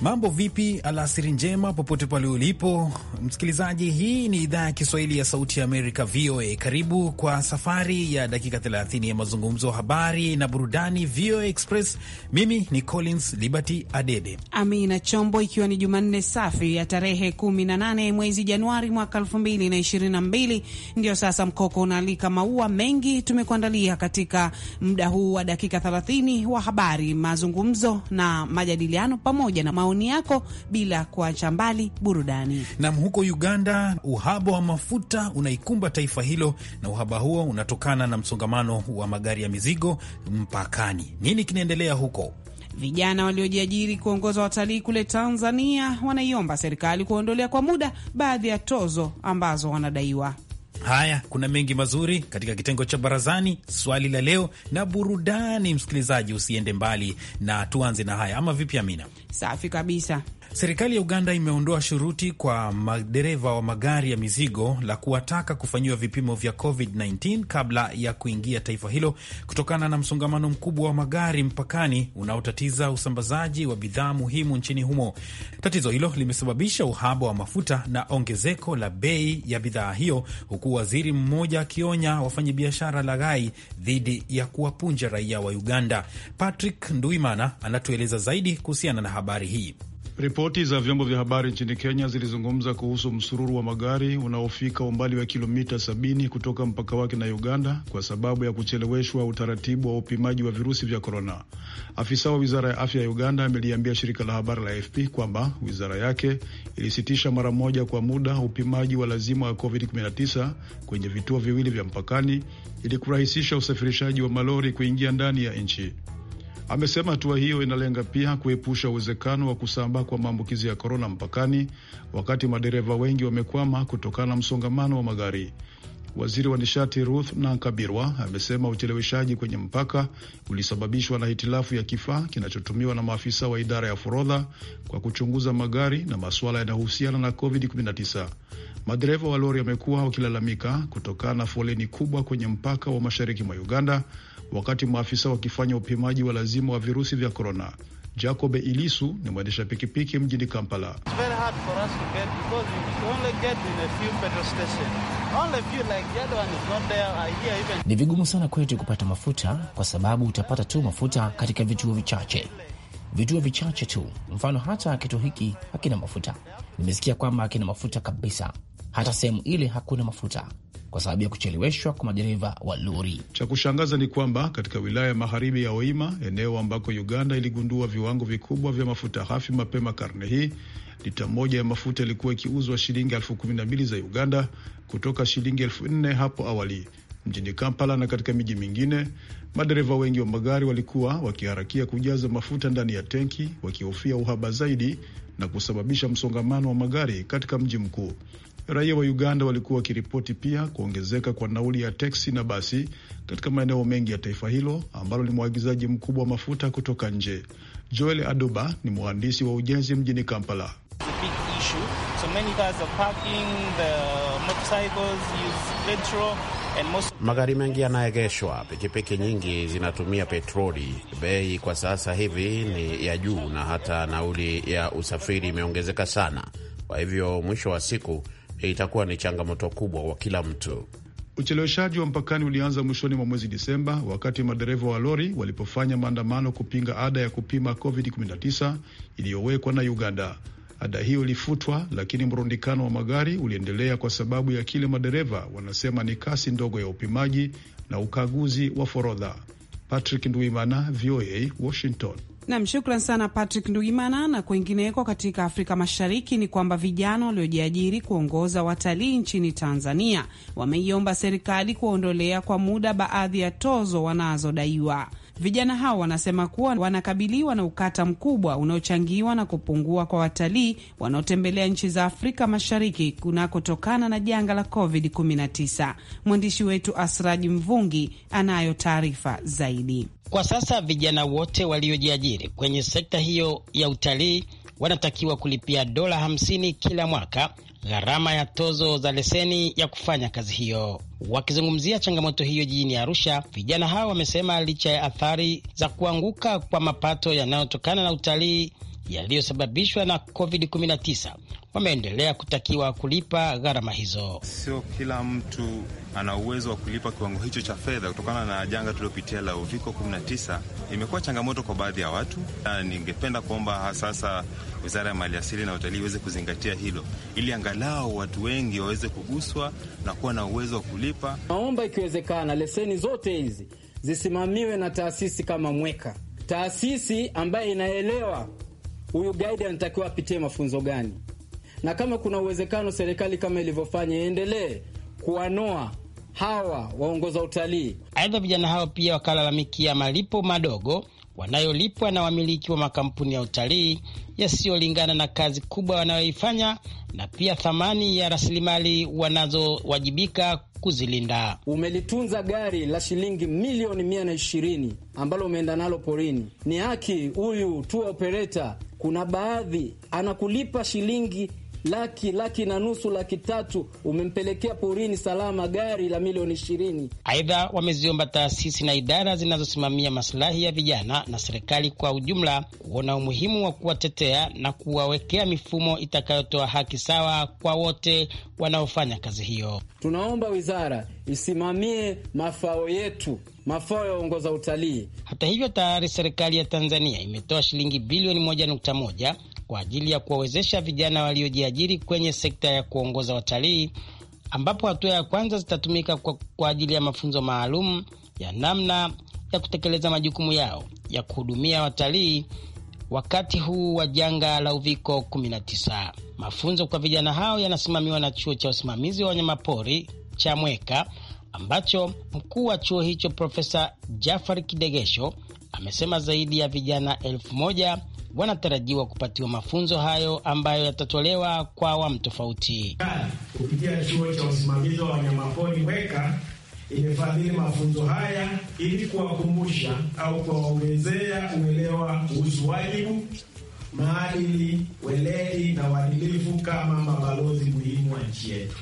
Mambo vipi? Alasiri njema popote pale ulipo msikilizaji. Hii ni idhaa ya Kiswahili ya Sauti ya Amerika, VOA. Karibu kwa safari ya dakika 30 ya mazungumzo, habari na burudani, VOA Express. Mimi ni Collins Liberty Adede Amina Chombo, ikiwa ni Jumanne safi ya tarehe 18 mwezi Januari mwaka 2022. Ndio sasa mkoko unaalika maua mengi tumekuandalia katika muda huu wa dakika 30 wa habari, mazungumzo na majadiliano pamoja na maoni yako bila kuacha mbali burudani. Nam, huko Uganda uhaba wa mafuta unaikumba taifa hilo, na uhaba huo unatokana na msongamano wa magari ya mizigo mpakani. Nini kinaendelea huko? Vijana waliojiajiri kuongoza watalii kule Tanzania wanaiomba serikali kuondolea kwa muda baadhi ya tozo ambazo wanadaiwa. Haya, kuna mengi mazuri katika kitengo cha barazani, swali la leo na burudani. Msikilizaji, usiende mbali, na tuanze na haya ama vipi, Amina? Safi kabisa. Serikali ya Uganda imeondoa shuruti kwa madereva wa magari ya mizigo la kuwataka kufanyiwa vipimo vya COVID-19 kabla ya kuingia taifa hilo kutokana na msongamano mkubwa wa magari mpakani unaotatiza usambazaji wa bidhaa muhimu nchini humo. Tatizo hilo limesababisha uhaba wa mafuta na ongezeko la bei ya bidhaa hiyo, huku waziri mmoja akionya wafanyabiashara laghai dhidi ya kuwapunja raia wa Uganda. Patrick Nduimana anatueleza zaidi kuhusiana na habari hii. Ripoti za vyombo vya habari nchini Kenya zilizungumza kuhusu msururu wa magari unaofika umbali wa kilomita sabini kutoka mpaka wake na Uganda kwa sababu ya kucheleweshwa utaratibu wa upimaji wa virusi vya korona. Afisa wa wizara ya afya ya Uganda ameliambia shirika la habari la AFP kwamba wizara yake ilisitisha mara moja kwa muda upimaji wa lazima wa COVID-19 kwenye vituo viwili vya mpakani ili kurahisisha usafirishaji wa malori kuingia ndani ya nchi. Amesema hatua hiyo inalenga pia kuepusha uwezekano wa kusambaa kwa maambukizi ya korona mpakani, wakati madereva wengi wamekwama kutokana na msongamano wa magari. Waziri wa nishati Ruth Nankabirwa amesema ucheleweshaji kwenye mpaka ulisababishwa na hitilafu ya kifaa kinachotumiwa na maafisa wa idara ya forodha kwa kuchunguza magari na masuala yanayohusiana na COVID-19. Madereva wa lori wamekuwa wakilalamika kutokana na foleni kubwa kwenye mpaka wa mashariki mwa Uganda wakati maafisa wakifanya upimaji wa lazima wa virusi vya korona. Jacob Ilisu ni mwendesha pikipiki mjini Kampala. Ni vigumu sana kwetu kupata mafuta kwa sababu utapata tu mafuta katika vituo vichache, vituo vichache tu. Mfano, hata kituo hiki hakina mafuta. Nimesikia kwamba hakina mafuta kabisa hata sehemu ile hakuna mafuta kwa sababu ya kucheleweshwa kwa madereva wa lori. Cha kushangaza ni kwamba katika wilaya ya magharibi ya Oima, eneo ambako Uganda iligundua viwango vikubwa vya mafuta hafi mapema karne hii, lita moja ya mafuta ilikuwa ikiuzwa shilingi elfu kumi na mbili za Uganda kutoka shilingi elfu nne hapo awali. Mjini Kampala na katika miji mingine, madereva wengi wa magari walikuwa wakiharakia kujaza mafuta ndani ya tenki, wakihofia uhaba zaidi na kusababisha msongamano wa magari katika mji mkuu. Raia wa Uganda walikuwa wakiripoti pia kuongezeka kwa nauli ya teksi na basi katika maeneo mengi ya taifa hilo ambalo ni mwagizaji mkubwa wa mafuta kutoka nje. Joel Aduba ni mhandisi wa ujenzi mjini Kampala. magari mengi yanaegeshwa, pikipiki nyingi zinatumia petroli. Bei kwa sasa hivi ni ya juu, na hata nauli ya usafiri imeongezeka sana. Kwa hivyo mwisho wa siku Eh, itakuwa ni changamoto kubwa kwa kila mtu. Ucheleweshaji wa mpakani ulianza mwishoni mwa mwezi Disemba wakati madereva wa lori walipofanya maandamano kupinga ada ya kupima COVID-19 iliyowekwa na Uganda. Ada hiyo ilifutwa, lakini mrundikano wa magari uliendelea kwa sababu ya kile madereva wanasema ni kasi ndogo ya upimaji na ukaguzi wa forodha. Patrick Nduimana, VOA, Washington. Nam, shukran sana Patrick ndugimana Na kwengineko katika Afrika Mashariki ni kwamba vijana waliojiajiri kuongoza watalii nchini Tanzania wameiomba serikali kuwaondolea kwa muda baadhi ya tozo wanazodaiwa. Vijana hao wanasema kuwa wanakabiliwa na ukata mkubwa unaochangiwa na kupungua kwa watalii wanaotembelea nchi za Afrika Mashariki kunakotokana na janga la COVID-19. Mwandishi wetu Asraji Mvungi anayo taarifa zaidi. Kwa sasa vijana wote waliojiajiri kwenye sekta hiyo ya utalii wanatakiwa kulipia dola 50 kila mwaka gharama ya tozo za leseni ya kufanya kazi hiyo. Wakizungumzia changamoto hiyo jijini Arusha, vijana hao wamesema licha ya athari za kuanguka kwa mapato yanayotokana na utalii, yaliyosababishwa na COVID-19 wameendelea kutakiwa kulipa gharama hizo. Sio kila mtu ana uwezo wa kulipa kiwango hicho cha fedha kutokana na janga tuliopitia la uviko 19. Imekuwa changamoto kwa baadhi ya watu, na ningependa kuomba sasa Wizara ya Maliasili na Utalii iweze kuzingatia hilo, ili angalau watu wengi waweze kuguswa na kuwa na uwezo wa kulipa. Naomba ikiwezekana, leseni zote hizi zisimamiwe na taasisi kama Mweka, taasisi ambaye inaelewa huyu gaidi anatakiwa apitie mafunzo gani, na kama kuna uwezekano serikali kama ilivyofanya iendelee kuwanoa hawa waongoza utalii. Aidha, vijana hao pia wakalalamikia malipo madogo wanayolipwa na wamiliki wa makampuni ya utalii yasiyolingana na kazi kubwa wanayoifanya na pia thamani ya rasilimali wanazowajibika kuzilinda. Umelitunza gari la shilingi milioni mia na ishirini ambalo umeenda nalo porini, ni haki huyu tour operator kuna baadhi anakulipa shilingi laki laki na nusu laki tatu, umempelekea porini salama gari la milioni ishirini. Aidha, wameziomba taasisi na idara zinazosimamia masilahi ya vijana na serikali kwa ujumla kuona umuhimu wa kuwatetea na kuwawekea mifumo itakayotoa haki sawa kwa wote wanaofanya kazi hiyo. Tunaomba wizara isimamie mafao yetu mafao yaongoza utalii. Hata hivyo, tayari serikali ya Tanzania imetoa shilingi bilioni 1.1 kwa ajili ya kuwawezesha vijana waliojiajiri kwenye sekta ya kuongoza watalii, ambapo hatua ya kwanza zitatumika kwa, kwa ajili ya mafunzo maalum ya namna ya kutekeleza majukumu yao ya kuhudumia watalii wakati huu wa janga la uviko 19. Mafunzo kwa vijana hao yanasimamiwa na chuo cha usimamizi wa wanyamapori cha Mweka ambacho mkuu wa chuo hicho Profesa Jafari Kidegesho amesema zaidi ya vijana elfu moja wanatarajiwa kupatiwa mafunzo hayo ambayo yatatolewa kwa awamu tofauti. Kupitia chuo cha usimamizi wa wanyamapori weka imefadhili mafunzo haya ili kuwakumbusha au kuwaongezea uelewa kuhusu wajibu, maadili, weledi na uadilifu kama mabalozi muhimu wa nchi yetu.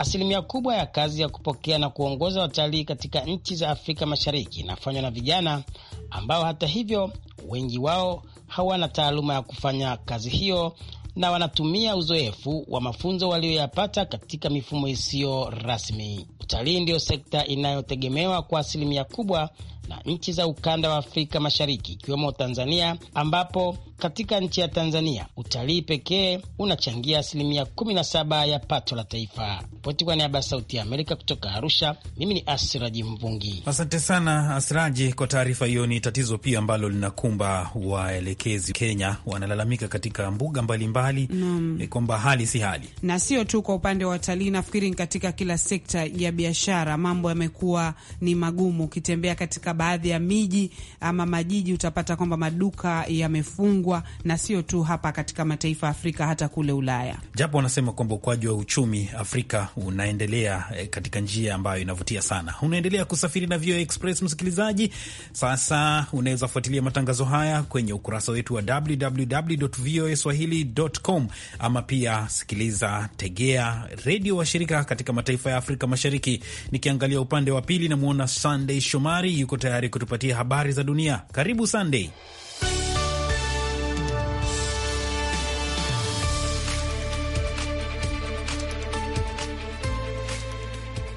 Asilimia kubwa ya kazi ya kupokea na kuongoza watalii katika nchi za Afrika Mashariki inafanywa na vijana ambao hata hivyo wengi wao hawana taaluma ya kufanya kazi hiyo na wanatumia uzoefu wa mafunzo walioyapata katika mifumo isiyo rasmi. Utalii ndiyo sekta inayotegemewa kwa asilimia kubwa na nchi za ukanda wa Afrika Mashariki ikiwemo Tanzania ambapo katika nchi ya Tanzania, utalii pekee unachangia asilimia 17 ya pato la taifa. Ripoti kwa niaba ya Sauti ya Amerika kutoka Arusha, mimi ni Asiraji Mvungi. Asante sana Asiraji kwa taarifa hiyo. Ni tatizo pia ambalo linakumba waelekezi Kenya, wanalalamika katika mbuga mbalimbali mm, kwamba hali si hali, na sio tu kwa upande wa watalii. Nafikiri katika kila sekta ya biashara mambo yamekuwa ni magumu. Ukitembea katika baadhi ya miji ama majiji, utapata kwamba maduka yamefungwa kubwa, na sio tu hapa katika mataifa ya Afrika, hata kule Ulaya, japo wanasema kwamba ukuaji wa uchumi Afrika unaendelea eh, katika njia ambayo inavutia sana. Unaendelea kusafiri na VOA Express, msikilizaji. Sasa unaweza fuatilia matangazo haya kwenye ukurasa wetu wa www.voaswahili.com, ama pia sikiliza, tegea redio washirika katika mataifa ya Afrika Mashariki. Nikiangalia upande wa pili, namwona Sandey Shomari yuko tayari kutupatia habari za dunia. Karibu Sandey.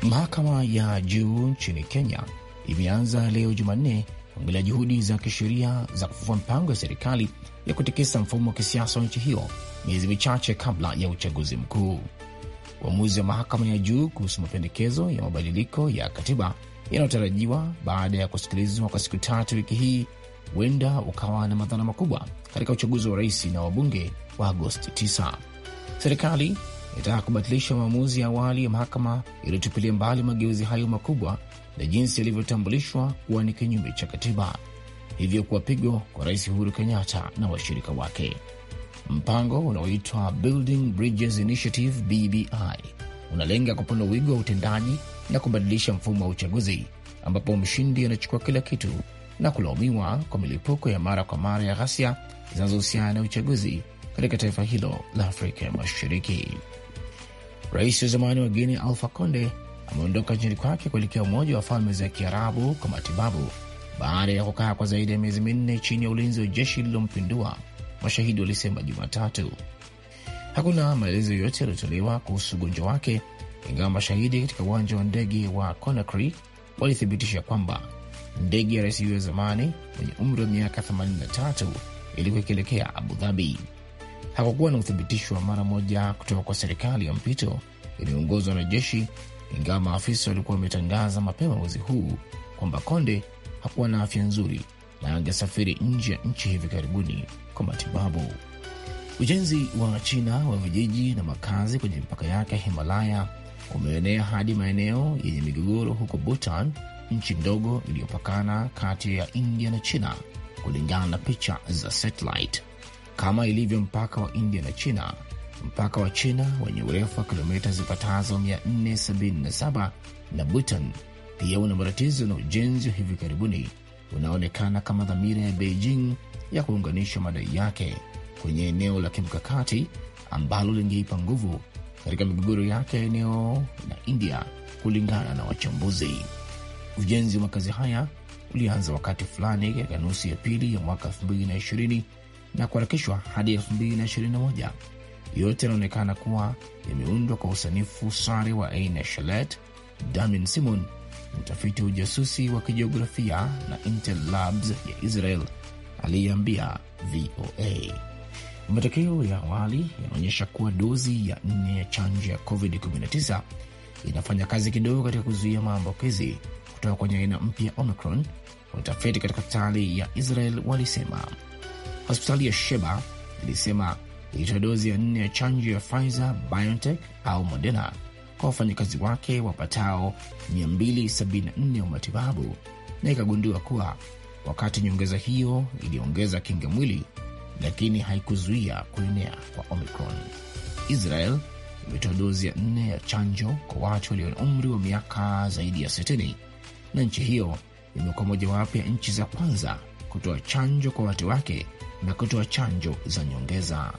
Mahakama ya juu nchini Kenya imeanza leo Jumanne kuangalia juhudi za kisheria za kufufua mpango ya serikali ya kutikisa mfumo wa kisiasa wa nchi hiyo miezi michache kabla ya uchaguzi mkuu. Uamuzi wa mahakama ya juu kuhusu mapendekezo ya mabadiliko ya katiba yanayotarajiwa baada ya kusikilizwa kwa siku tatu wiki hii huenda ukawa na madhara makubwa katika uchaguzi wa rais na wabunge wa Agosti 9. Serikali inataka kubatilisha maamuzi ya awali ya mahakama iliyotupilia mbali mageuzi hayo makubwa na jinsi yalivyotambulishwa kuwa ni kinyume cha katiba, hivyo kuwa pigo kwa Rais Uhuru Kenyatta na washirika wake. Mpango unaoitwa Building Bridges Initiative BBI unalenga kupanua wigo wa utendaji na kubadilisha mfumo wa uchaguzi ambapo mshindi anachukua kila kitu na kulaumiwa kwa milipuko ya mara kwa mara ya ghasia zinazohusiana na uchaguzi katika taifa hilo la Afrika ya Mashariki. Rais wa zamani wa Guinea Alpha Conde ameondoka nchini kwake kuelekea Umoja wa Falme za Kiarabu kwa matibabu baada ya kukaa kwa zaidi ya miezi minne chini ya ulinzi wa jeshi lililompindua, mashahidi walisema Jumatatu. Hakuna maelezo yoyote yaliyotolewa kuhusu ugonjwa wake, ingawa mashahidi katika uwanja wa ndege wa Conakry walithibitisha kwamba ndege ya rais huyo wa zamani mwenye umri wa miaka 83 ilikuwa ikielekea Abu Dhabi hakukuwa na uthibitisho wa mara moja kutoka kwa serikali ya mpito iliyoongozwa na jeshi, ingawa maafisa walikuwa wametangaza mapema mwezi huu kwamba Konde hakuwa na afya nzuri na angesafiri nje ya nchi hivi karibuni kwa matibabu. Ujenzi wa China wa vijiji na makazi kwenye mipaka yake Himalaya umeenea hadi maeneo yenye migogoro huko Bhutan, nchi ndogo iliyopakana kati ya India na China, kulingana na picha za satellite kama ilivyo mpaka wa India na China. Mpaka wa China wenye urefu wa kilomita zipatazo 477 na Bhutan pia una matatizo na ujenzi wa hivi karibuni unaonekana kama dhamira ya Beijing ya kuunganisha madai yake kwenye eneo la kimkakati ambalo lingeipa nguvu katika migogoro yake ya eneo na India. Kulingana na wachambuzi, ujenzi wa makazi haya ulianza wakati fulani katika nusu ya pili ya mwaka 2020 na kuharakishwa hadi 2021. Yote yanaonekana kuwa yameundwa kwa usanifu sare wa Aina ya Shalet Damin Simon, mtafiti wa ujasusi wa kijiografia na Intel Labs ya Israel aliyeambia VOA. Matokeo ya awali yanaonyesha kuwa dozi ya nne ya chanjo ya COVID-19 inafanya kazi kidogo katika kuzuia maambukizi kutoka kwenye aina mpya Omicron, watafiti katika hospitali ya Israel walisema. Hospitali ya Sheba ilisema ilitoa dozi ya nne ya chanjo ya Pfizer, BioNTech au Moderna kwa wafanyakazi wake wapatao 274 wa matibabu, na ikagundua kuwa wakati nyongeza hiyo iliongeza kinga mwili, lakini haikuzuia kuenea kwa Omicron. Israel imetoa dozi ya nne ya chanjo kwa watu walio na umri wa miaka zaidi ya 60 na nchi hiyo imekuwa mojawapo ya nchi za kwanza kutoa chanjo kwa watu wake na kutoa chanjo za nyongeza.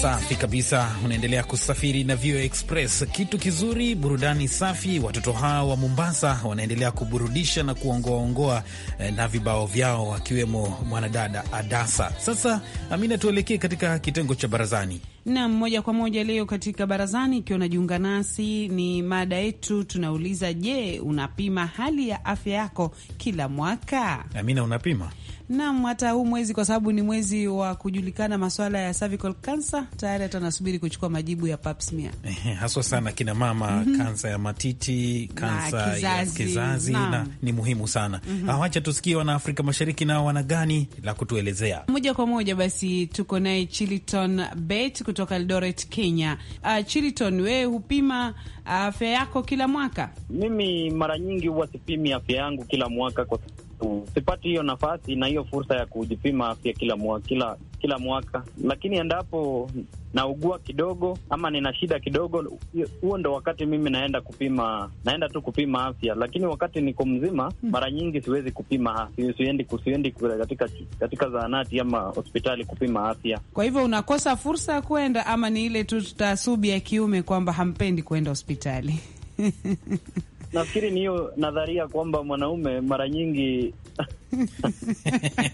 Safi kabisa, unaendelea kusafiri na VOA Express, kitu kizuri, burudani safi. Watoto hawa wa Mombasa wanaendelea kuburudisha na kuongoaongoa eh, na vibao vyao, wakiwemo mwanadada Adasa. Sasa Amina, tuelekee katika kitengo cha barazani. Nam moja kwa moja leo katika barazani, ikiwa unajiunga nasi, ni mada yetu tunauliza, je, unapima hali ya afya yako kila mwaka? Amina, unapima? Nam, hata huu mwezi kwa sababu ni mwezi wa kujulikana maswala ya cervical cancer, tayari hata nasubiri kuchukua majibu ya pap smear haswa sana kina mama mm -hmm. kansa ya matiti, kansa ya kizazi na, na ni muhimu sana mm -hmm. Wacha tusikie wana Afrika Mashariki nao wana gani la kutuelezea moja kwa moja. Basi tuko naye Chiliton Bet kutoka Eldoret, Kenya. Uh, ah, Chiriton, wewe hupima afya yako kila mwaka? Mimi mara nyingi huwa sipimi afya yangu kila mwaka kwa sababu sipati hiyo nafasi na hiyo fursa ya kujipima afya kila mwaka, kila kila mwaka, lakini endapo naugua kidogo ama nina shida kidogo, huo ndo wakati mimi naenda kupima, naenda tu kupima afya. Lakini wakati niko mzima, hmm. mara nyingi siwezi kupima afya, siendi siendi katika katika zahanati ama hospitali kupima afya. Kwa hivyo unakosa fursa ya kwenda, ama ni ile tu tasubi ya kiume kwamba hampendi kwenda hospitali? nafikiri ni hiyo nadharia kwamba mwanaume mara nyingi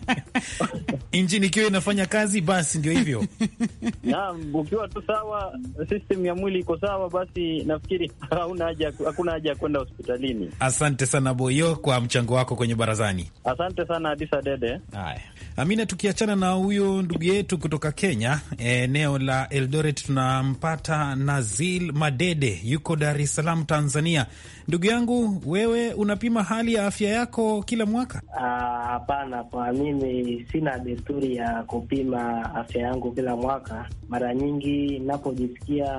injini ikiwa inafanya kazi basi ndio hivyo. Naam, ukiwa tu sawa, system ya mwili iko sawa, basi nafikiri hauna haja, hakuna haja ya kwenda hospitalini. Asante sana Boyo kwa mchango wako kwenye barazani. Asante sana Adisa Dede. Haya. Amina, tukiachana na huyo ndugu yetu kutoka Kenya, eneo la Eldoret, tunampata Nazil Madede, yuko Dar es Salaam, Tanzania. Ndugu yangu, wewe unapima hali ya afya yako kila mwaka? Ah, hapana, kwa mimi sina desturi ya kupima afya yangu kila mwaka. Mara nyingi napojisikia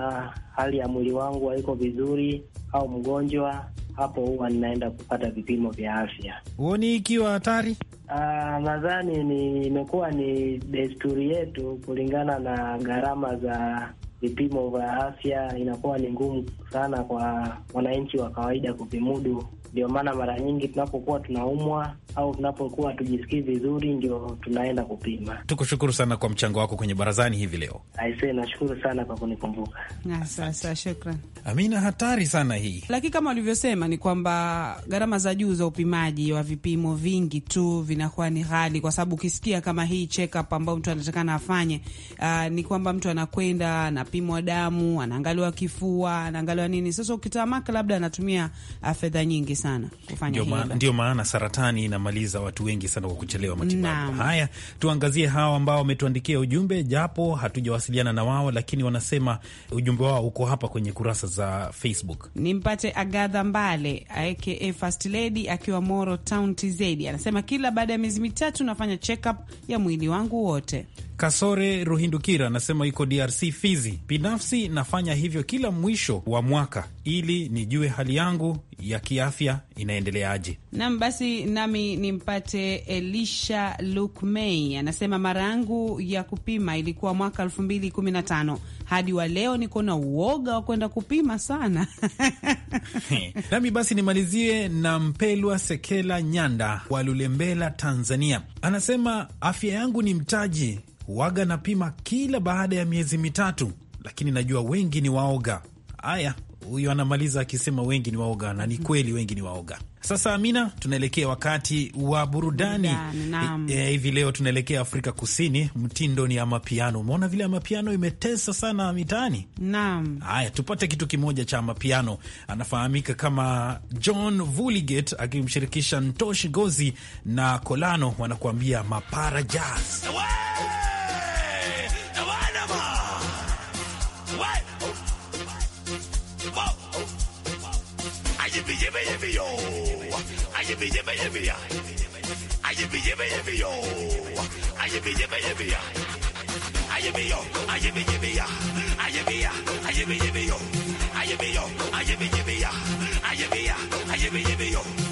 hali ya mwili wangu haiko vizuri au mgonjwa, hapo huwa ninaenda kupata vipimo vya afya. Huoni ikiwa hatari? Uh, nadhani ni imekuwa ni desturi yetu, kulingana na gharama za vipimo vya afya, inakuwa ni ngumu sana kwa wananchi wa kawaida kuvimudu ndio maana mara nyingi tunapokuwa tunaumwa au tunapokuwa hatujisikii vizuri, ndio tunaenda kupima. Tukushukuru sana kwa mchango wako kwenye barazani hivi leo. Aisee, nashukuru sana kwa kunikumbuka. Sasa shukran. Amina, hatari sana hii, lakini kama walivyosema ni kwamba gharama za juu za upimaji wa vipimo vingi tu vinakuwa ni ghali, kwa sababu ukisikia kama hii check up ambayo mtu anatakana afanye, uh, ni kwamba mtu anakwenda anapimwa damu, anaangaliwa kifua, anaangaliwa nini. Sasa ukitamaka labda anatumia ah, fedha nyingi sana kufanya hivyo. Ndio maana saratani inamaliza watu wengi sana kwa kuchelewa matibabu. Haya, tuangazie hawa ambao wametuandikia ujumbe, japo hatujawasiliana na wao, lakini wanasema ujumbe wao uko hapa kwenye kurasa za Facebook. Nimpate Agadha Mbale aka First Lady akiwa Moro Town TZ, anasema kila baada ya miezi mitatu nafanya check up ya mwili wangu wote. Kasore Ruhindukira anasema yuko DRC Fizi. Binafsi nafanya hivyo kila mwisho wa mwaka ili nijue hali yangu ya kiafya afya inaendeleaje? Nam, basi nami nimpate Elisha Lukmei, anasema mara yangu ya kupima ilikuwa mwaka elfu mbili kumi na tano hadi wa leo niko na uoga wa kwenda kupima sana. Nami basi nimalizie na Mpelwa Sekela Nyanda wa Lulembela, Tanzania, anasema afya yangu ni mtaji, waga napima kila baada ya miezi mitatu, lakini najua wengi ni waoga. Haya, huyo anamaliza akisema wengi ni waoga, na ni mhm. kweli wengi ni waoga. Sasa Amina, tunaelekea wakati wa burudani e, hivi. E, e, leo tunaelekea Afrika Kusini, mtindo ni amapiano. Umeona vile amapiano imetesa sana mitaani. Naam, haya tupate kitu kimoja cha amapiano. Anafahamika kama John Vuligate akimshirikisha Ntosh Gozi na Kolano wanakuambia mapara jazz. yippee yo. I yippee yippee yippee. I yippee yippee yippee yo. I yippee yippee yippee. I yippee yo. I yippee yippee. I yippee ya. I yippee yippee yo. I yippee yo. I yippee yippee. I yippee ya. I yippee yippee yo.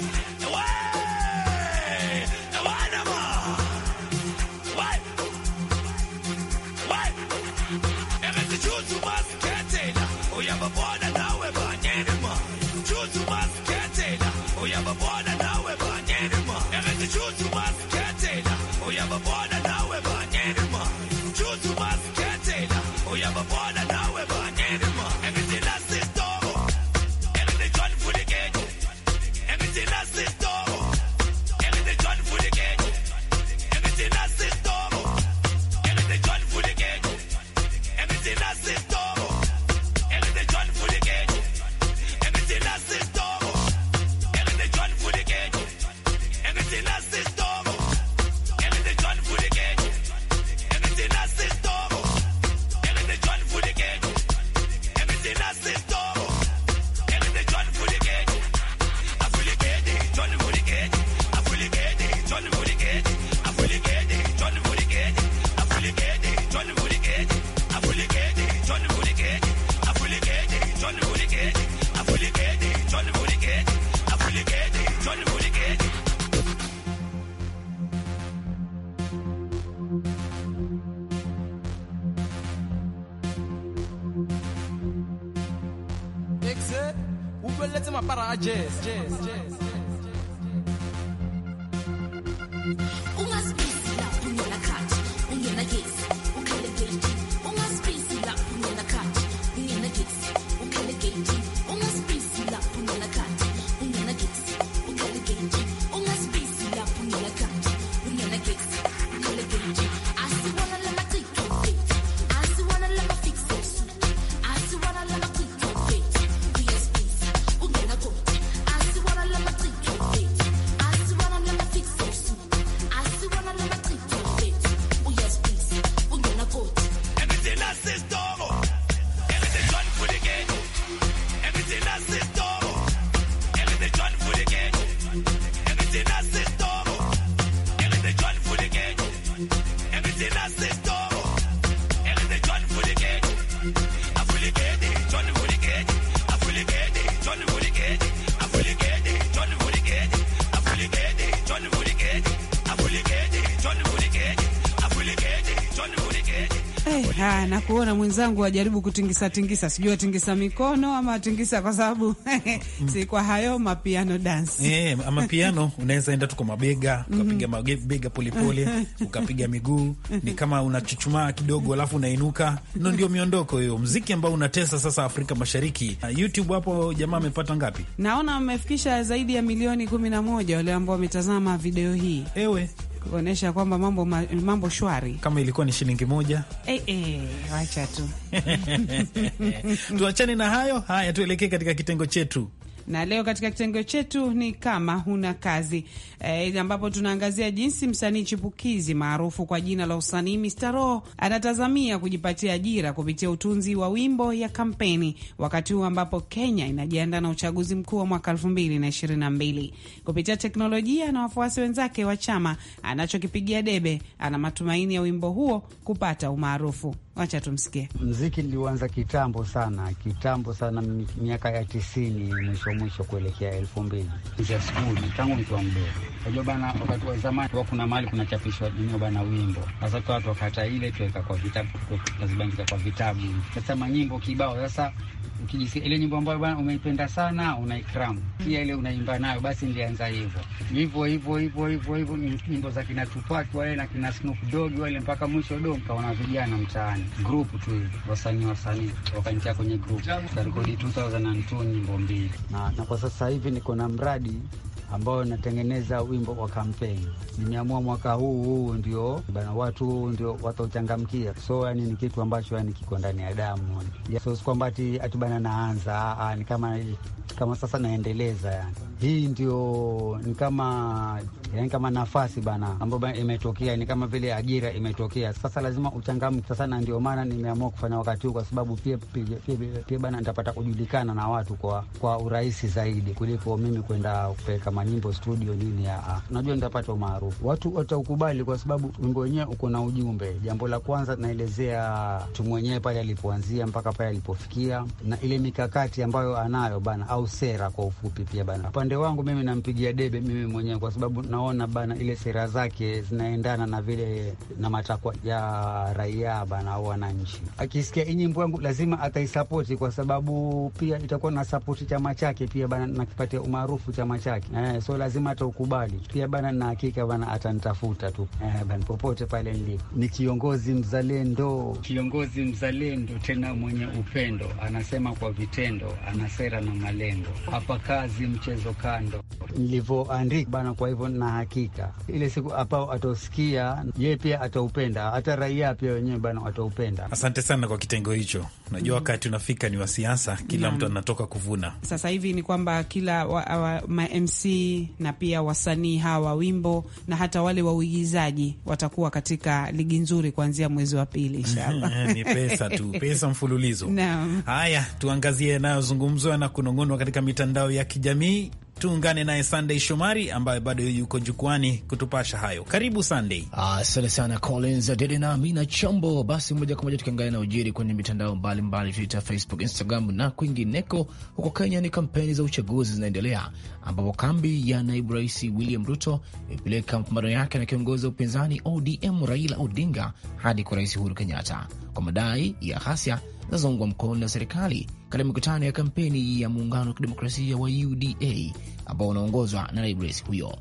kuona mwenzangu ajaribu kutingisa tingisa, sijui atingisa mikono ama atingisa, kwa sababu si kwa hayo mapiano dance eh, piano unaweza enda tu kwa mabega mhm. ukapiga mabega polepole, ukapiga miguu, ni kama unachuchumaa kidogo, alafu unainuka. No, ndio miondoko hiyo, mziki ambao unatesa sasa Afrika Mashariki. Ah, YouTube hapo jamaa amepata ngapi? Naona amefikisha zaidi ya milioni kumi na moja wale ambao wametazama video hii. Ewe kuonyesha kwamba mambo, mambo shwari. Kama ilikuwa ni shilingi moja, eh, eh, wacha tu tuachane na hayo haya, tuelekee katika kitengo chetu na leo katika kitengo chetu ni kama huna kazi e, ambapo tunaangazia jinsi msanii chipukizi maarufu kwa jina la usanii Mr Raw anatazamia kujipatia ajira kupitia utunzi wa wimbo ya kampeni, wakati huu ambapo Kenya inajiandaa na uchaguzi mkuu wa mwaka 2022. Kupitia teknolojia na wafuasi wenzake wa chama anachokipigia debe, ana matumaini ya wimbo huo kupata umaarufu. Wacha tumsikie. Mziki nilianza kitambo sana, kitambo sana, miaka ya tisini mwisho mwisho kuelekea elfu mbili za skuli, tangu nikiwa mdogo. Unajua bana, wakati wa zamani kuna mahali kunachapishwa dunia bana, wimbo sasa, watu wakata ile tuweka kwa vitabu, tukazibandika kwa vitabu, sasa manyimbo kibao sasa ukijisikia ile nyimbo ambayo bwana umeipenda sana unaikramu pia ile unaimba nayo, basi nilianza hivyo hivyo hivyo hivyo hivyo hivyo, nyimbo za kina Tupac wale na kina Snoop Dogg wale, mpaka mwisho do mkaona vijana mtaani, group tu hivi, wasanii wasanii wakanitia kwenye group, karekodi 2002 nyimbo mbili na, na kwa sasa hivi niko na mradi ambao natengeneza wimbo wa kampeni. Nimeamua mwaka huu huu ndio bana, watu huu ndio watauchangamkia. So yani ni kitu ambacho yani kiko ndani ya damu, so si kwamba ati ati bana naanza ni kama kama sasa naendeleza yani hii ndio ni kama yani kama nafasi bana ambayo imetokea, ni kama vile ajira imetokea. Sasa lazima uchangamke sasa, na ndio maana nimeamua kufanya wakati huu, kwa sababu pia pia, pia, pia bana nitapata kujulikana na watu kwa, kwa urahisi zaidi kuliko mimi kwenda kupeleka nyimbo studio nini. Unajua nitapata umaarufu, watu wataukubali kwa sababu wimbo wenyewe uko na ujumbe. Jambo la kwanza naelezea mtu mwenyewe pale alipoanzia mpaka pale alipofikia na ile mikakati ambayo anayo bana, au sera kwa ufupi pia bana. Upande wangu mimi nampigia debe mimi mwenyewe kwa sababu naona bana ile sera zake zinaendana na vile na matakwa ya raia bana au wananchi. Akisikia hii nyimbo yangu lazima ataisapoti kwa sababu pia itakuwa na sapoti chama chake pia bana, nakipatia umaarufu chama chake eh, so lazima ukubali pia bana, na hakika bana atanitafuta tu eh, bana popote pale nilipo. Ni kiongozi mzalendo, kiongozi mzalendo tena mwenye upendo, anasema kwa vitendo, ana sera na malengo, hapa kazi mchezo kando, nilivyoandika bana. Kwa hivyo na hakika ile siku apao atosikia ye pia ataupenda, hata raia pia wenyewe bana wataupenda. Asante sana kwa kitengo hicho. Unajua mm-hmm. wakati unafika ni wa siasa, kila mtu anatoka kuvuna. Sasa hivi ni kwamba kila wa, wa, ma MC na pia wasanii hawa wa wimbo na hata wale wa uigizaji watakuwa katika ligi nzuri kuanzia mwezi wa pili inshallah. Ni pesa tu, pesa mfululizo. Haya, tuangazie yanayozungumzwa na kunong'onwa katika mitandao ya kijamii tuungane naye sandey Shomari ambaye bado yuko jukwani kutupasha hayo. Karibu sandey Asante sana Collins Adede na Amina Chombo. Basi moja kwa moja tukiangalia na ujiri kwenye mitandao mbalimbali, Twitter, Facebook, Instagram na kwingineko. Huko Kenya ni kampeni za uchaguzi zinaendelea, ambapo kambi ya naibu rais William Ruto imepeleka mapambano yake na kiongozi wa upinzani ODM Raila Odinga hadi kwa Rais Uhuru Kenyatta kwa madai ya ghasia zinazoungwa mkono na serikali katika mikutano ya kampeni ya muungano wa kidemokrasia wa UDA ambao unaongozwa na naibu rais huyo.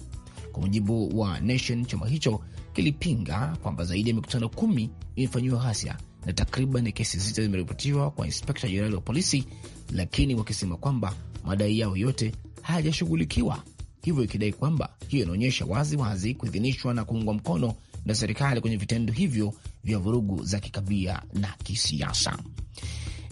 Kwa mujibu wa Nation, chama hicho kilipinga kwamba zaidi ya mikutano kumi imefanyiwa ghasia na takriban kesi sita zimeripotiwa kwa inspekta jenerali wa polisi, lakini wakisema kwamba madai yao yote hayajashughulikiwa, hivyo ikidai kwamba hiyo inaonyesha wazi wazi kuidhinishwa na kuungwa mkono na serikali kwenye vitendo hivyo vya vurugu za kikabila na kisiasa.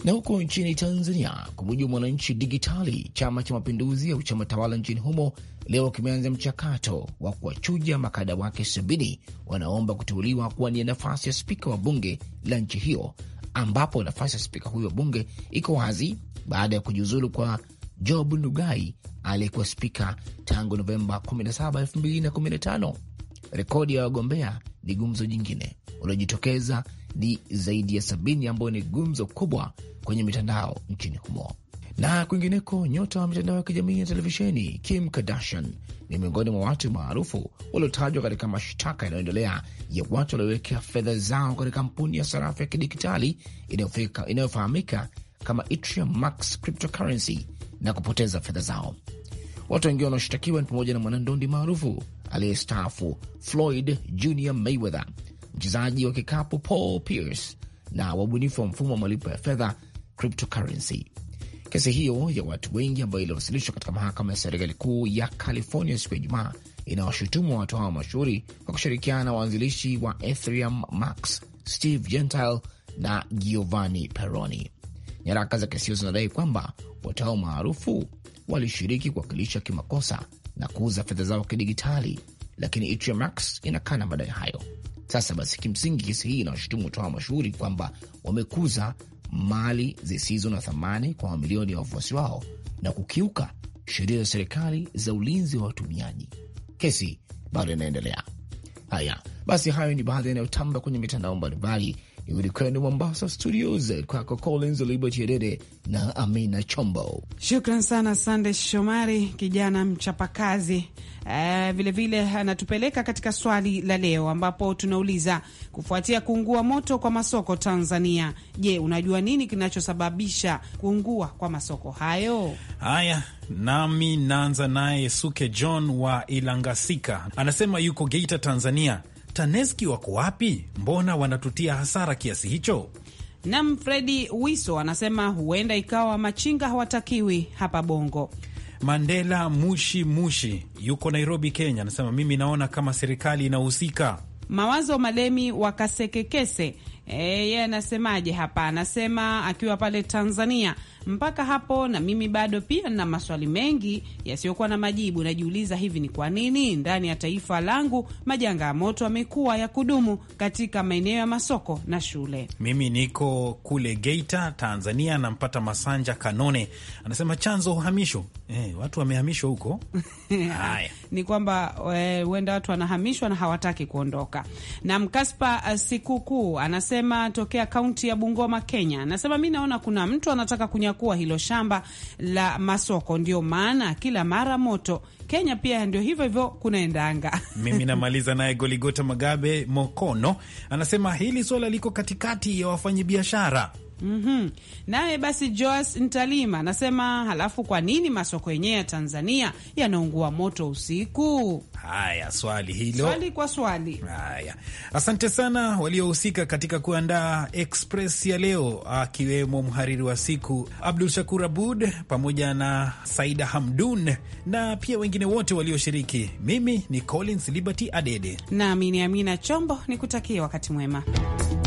Na huko nchini Tanzania, kwa mujibu wa Mwananchi Digitali, Chama cha Mapinduzi au chama tawala nchini humo leo kimeanza mchakato wa kuwachuja makada wake sabini wanaomba kuteuliwa kuwania nafasi ya spika wa bunge la nchi hiyo, ambapo nafasi ya spika huyo wa bunge iko wazi baada ya kujiuzulu kwa Job Ndugai aliyekuwa spika tangu Novemba 17, 2015. Rekodi ya wagombea ni gumzo jingine uliojitokeza ni zaidi ya sabini ambayo ni gumzo kubwa kwenye mitandao nchini humo. Na kwingineko, nyota wa mitandao ya kijamii na televisheni Kim Kardashian ni miongoni mwa watu maarufu waliotajwa katika mashtaka yanayoendelea ya watu waliowekea fedha zao katika kampuni ya sarafu ya kidigitali inayofahamika kama Ethereum Max cryptocurrency na kupoteza fedha zao. Watu wengine wanaoshtakiwa ni pamoja na mwanandondi maarufu aliyestaafu Floyd Jr Mayweather mchezaji wa kikapu Paul Pierce na wabunifu wa mfumo wa malipo ya fedha cryptocurrency. Kesi hiyo ya watu wengi ambayo iliwasilishwa katika mahakama ya serikali kuu ya California siku ya Ijumaa inawashutumu watu hao mashuhuri kwa kushirikiana na waanzilishi wa Ethereum Max, Steve Gentile na Giovanni Peroni. Nyaraka za kesi hiyo zinadai kwamba watu hao maarufu walishiriki kuwakilisha kimakosa na kuuza fedha zao kidigitali, lakini Ethereum Max inakana madai hayo. Sasa basi, kimsingi kesi hii inawashutumu watoa mashuhuri kwamba wamekuza mali zisizo na thamani kwa mamilioni ya wafuasi wao na kukiuka sheria za serikali za ulinzi wa watumiaji. Kesi bado inaendelea. Haya basi, hayo ni baadhi yanayotamba kwenye mitandao mbalimbali Irudi kwenu Mombasa studios, kwako Collins Liberty Adede na Amina Chombo. Shukran sana Sande Shomari, kijana mchapakazi. Uh, eh, vilevile anatupeleka katika swali la leo ambapo tunauliza kufuatia kuungua moto kwa masoko Tanzania, je, unajua nini kinachosababisha kuungua kwa masoko hayo? Haya, nami naanza naye Suke John wa Ilangasika, anasema yuko Geita, Tanzania. TANESCI wako wapi? Mbona wanatutia hasara kiasi hicho? Nam Fredi Wiso anasema huenda ikawa machinga hawatakiwi hapa Bongo. Mandela Mushi Mushi yuko Nairobi, Kenya, anasema mimi naona kama serikali inahusika. Mawazo Malemi Wakasekekese eh, yeye anasemaje hapa? Anasema akiwa pale Tanzania mpaka hapo na mimi bado pia nina maswali mengi yasiyokuwa na majibu. Najiuliza, hivi ni kwa nini ndani ya taifa langu majanga ya moto amekuwa ya kudumu katika maeneo ya masoko na shule? Mimi niko kule Geita, Tanzania. Nampata Masanja Kanone anasema chanzo uhamisho. Eh, watu wamehamishwa huko haya ni kwamba eh, huenda watu wanahamishwa na hawataki kuondoka. Na Mkaspa Sikukuu anasema tokea kaunti ya Bungoma, Kenya, anasema mi naona kuna mtu anataka kunya kuwa hilo shamba la masoko, ndio maana kila mara moto Kenya pia ndio hivyo hivyo kunaendanga. Mimi namaliza naye Goligota Magabe Mokono anasema hili swala liko katikati ya wafanyabiashara Mm -hmm. Naye basi Joas Ntalima anasema halafu kwa nini masoko yenyewe ya Tanzania yanaungua moto usiku? Haya, swali hilo, swali kwa swali. Haya, asante sana waliohusika katika kuandaa Express ya leo, akiwemo mhariri wa siku Abdul Shakur Abud pamoja na Saida Hamdun na pia wengine wote walioshiriki. Mimi ni Collins Liberty Adede nami ni Amina Chombo, nikutakie wakati mwema.